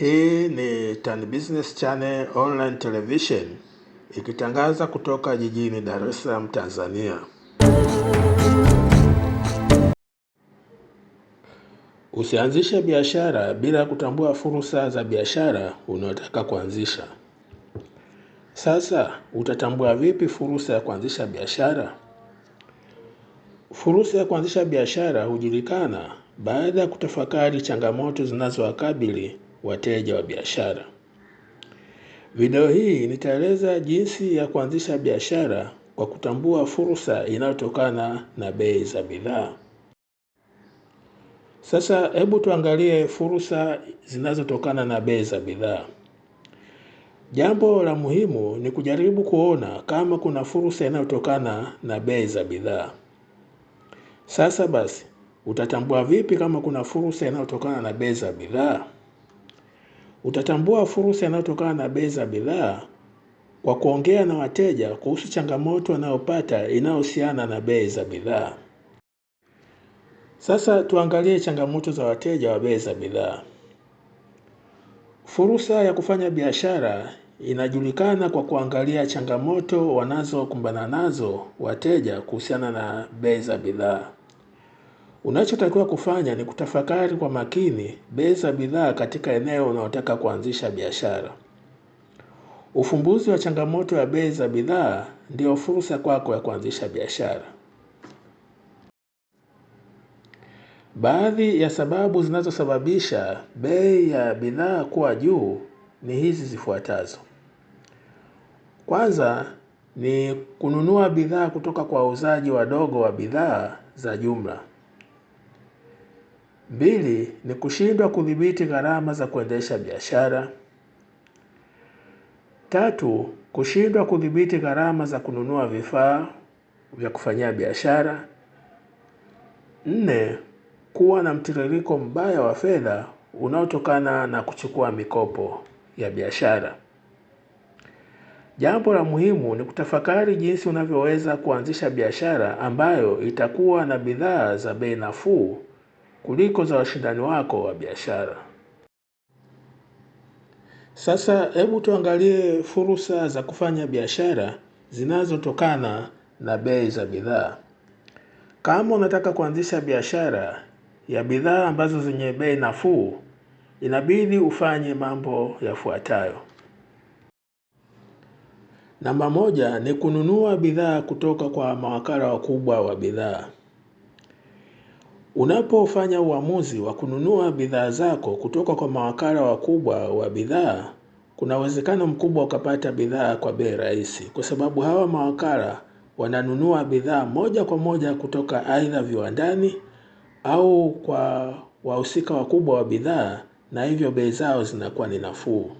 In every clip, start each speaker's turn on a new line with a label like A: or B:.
A: Hii ni Tan Business Channel Online Television ikitangaza kutoka jijini Dar es Salaam, Tanzania. Usianzishe biashara bila kutambua fursa za biashara unayotaka kuanzisha. Sasa utatambua vipi fursa ya kuanzisha biashara? Fursa ya kuanzisha biashara hujulikana baada ya kutafakari changamoto zinazowakabili wateja wa biashara. Video hii nitaeleza jinsi ya kuanzisha biashara kwa kutambua fursa inayotokana na bei za bidhaa. Sasa hebu tuangalie fursa zinazotokana na bei za bidhaa. Jambo la muhimu ni kujaribu kuona kama kuna fursa inayotokana na bei za bidhaa. Sasa basi, utatambua vipi kama kuna fursa inayotokana na bei za bidhaa? Utatambua fursa inayotokana na bei za bidhaa kwa kuongea na wateja kuhusu changamoto wanayopata inayohusiana na bei za bidhaa. Sasa tuangalie changamoto za wateja wa bei za bidhaa. Fursa ya kufanya biashara inajulikana kwa kuangalia changamoto wanazokumbana nazo wateja kuhusiana na bei za bidhaa. Unachotakiwa kufanya ni kutafakari kwa makini bei za bidhaa katika eneo unaotaka kuanzisha biashara. Ufumbuzi wa changamoto ya bei za bidhaa ndio fursa kwako ya kuanzisha biashara. Baadhi ya sababu zinazosababisha bei ya bidhaa kuwa juu ni hizi zifuatazo. Kwanza ni kununua bidhaa kutoka kwa wauzaji wadogo wa bidhaa za jumla. Mbili ni kushindwa kudhibiti gharama za kuendesha biashara. Tatu, kushindwa kudhibiti gharama za kununua vifaa vya kufanyia biashara. Nne, kuwa na mtiririko mbaya wa fedha unaotokana na kuchukua mikopo ya biashara. Jambo la muhimu ni kutafakari jinsi unavyoweza kuanzisha biashara ambayo itakuwa na bidhaa za bei nafuu kuliko za washindani wako wa biashara. Sasa hebu tuangalie fursa za kufanya biashara zinazotokana na bei za bidhaa. Kama unataka kuanzisha biashara ya bidhaa ambazo zenye bei nafuu, inabidi ufanye mambo yafuatayo. Namba moja ni kununua bidhaa kutoka kwa mawakala wakubwa wa bidhaa. Unapofanya uamuzi wa kununua bidhaa zako kutoka kwa mawakala wakubwa wa bidhaa, kuna uwezekano mkubwa ukapata bidhaa kwa bei rahisi, kwa sababu hawa mawakala wananunua bidhaa moja kwa moja kutoka aidha viwandani au kwa wahusika wakubwa wa bidhaa, na hivyo bei zao zinakuwa ni nafuu.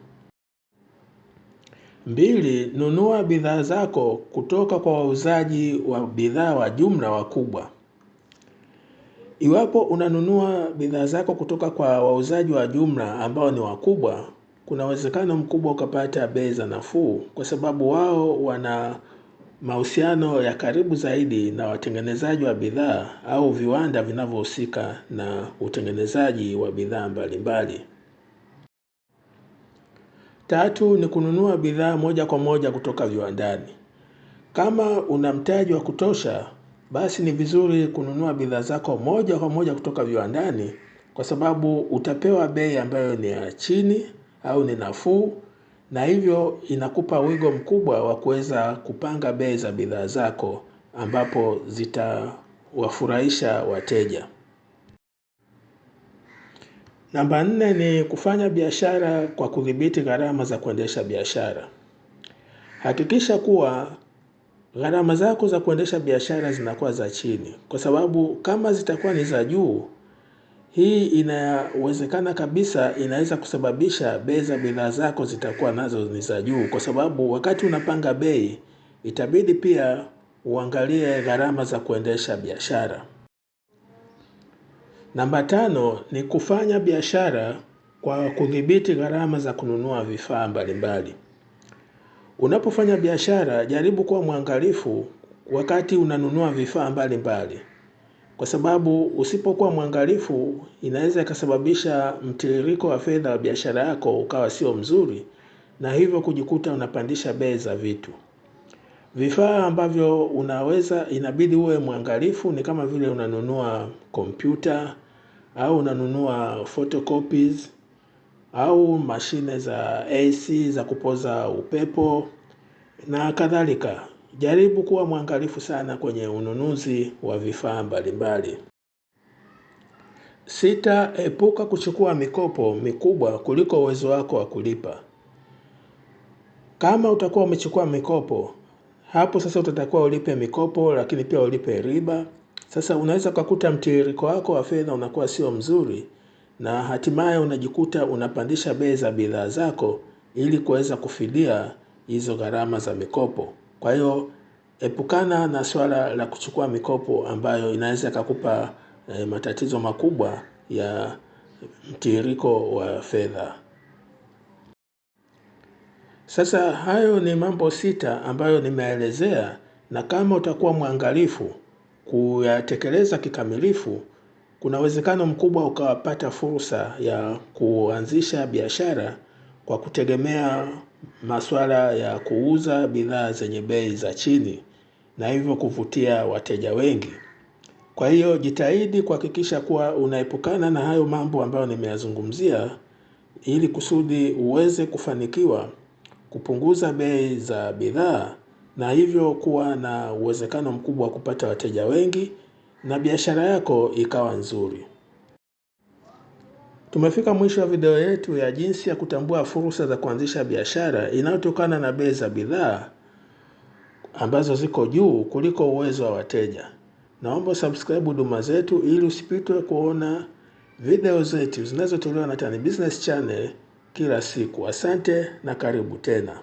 A: Mbili, nunua bidhaa zako kutoka kwa wauzaji wa bidhaa wa jumla wakubwa. Iwapo unanunua bidhaa zako kutoka kwa wauzaji wa jumla ambao ni wakubwa, kuna uwezekano mkubwa ukapata bei za nafuu kwa sababu wao wana mahusiano ya karibu zaidi na watengenezaji wa bidhaa au viwanda vinavyohusika na utengenezaji wa bidhaa mbalimbali. Tatu ni kununua bidhaa moja kwa moja kutoka viwandani. Kama una mtaji wa kutosha, basi ni vizuri kununua bidhaa zako moja kwa moja kutoka viwandani, kwa sababu utapewa bei ambayo ni ya chini au ni nafuu, na hivyo inakupa wigo mkubwa wa kuweza kupanga bei za bidhaa zako, ambapo zitawafurahisha wateja. Namba nne ni kufanya biashara kwa kudhibiti gharama za kuendesha biashara. Hakikisha kuwa gharama zako za kuendesha biashara zinakuwa za chini, kwa sababu kama zitakuwa ni za juu, hii inawezekana kabisa inaweza kusababisha bei za bidhaa zako zitakuwa nazo ni za juu, kwa sababu wakati unapanga bei itabidi pia uangalie gharama za kuendesha biashara. Namba tano ni kufanya biashara kwa kudhibiti gharama za kununua vifaa mbalimbali. Unapofanya biashara, jaribu kuwa mwangalifu wakati unanunua vifaa mbalimbali, kwa sababu usipokuwa mwangalifu inaweza ikasababisha mtiririko wa fedha wa biashara yako ukawa sio mzuri, na hivyo kujikuta unapandisha bei za vitu. Vifaa ambavyo unaweza inabidi uwe mwangalifu ni kama vile unanunua kompyuta au unanunua photocopies au mashine za AC za kupoza upepo na kadhalika. Jaribu kuwa mwangalifu sana kwenye ununuzi wa vifaa mbalimbali. Sita, epuka kuchukua mikopo mikubwa kuliko uwezo wako wa kulipa. Kama utakuwa umechukua mikopo, hapo sasa utatakiwa ulipe mikopo lakini pia ulipe riba. Sasa unaweza ukakuta mtiririko wako wa fedha unakuwa sio mzuri na hatimaye unajikuta unapandisha bei za bidhaa zako ili kuweza kufidia hizo gharama za mikopo. Kwa hiyo epukana na swala la kuchukua mikopo ambayo inaweza ikakupa e, matatizo makubwa ya mtiririko wa fedha. Sasa hayo ni mambo sita ambayo nimeelezea, na kama utakuwa mwangalifu kuyatekeleza kikamilifu, kuna uwezekano mkubwa ukawapata fursa ya kuanzisha biashara kwa kutegemea masuala ya kuuza bidhaa zenye bei za chini na hivyo kuvutia wateja wengi. Kwa hiyo jitahidi kuhakikisha kuwa unaepukana na hayo mambo ambayo nimeyazungumzia ili kusudi uweze kufanikiwa kupunguza bei za bidhaa na hivyo kuwa na uwezekano mkubwa wa kupata wateja wengi na biashara yako ikawa nzuri. Tumefika mwisho wa video yetu ya jinsi ya kutambua fursa za kuanzisha biashara inayotokana na bei za bidhaa ambazo ziko juu kuliko uwezo wa wateja. Naomba subscribe huduma zetu ili usipitwe kuona video zetu zinazotolewa na Tan Business Channel kila siku. Asante na karibu tena.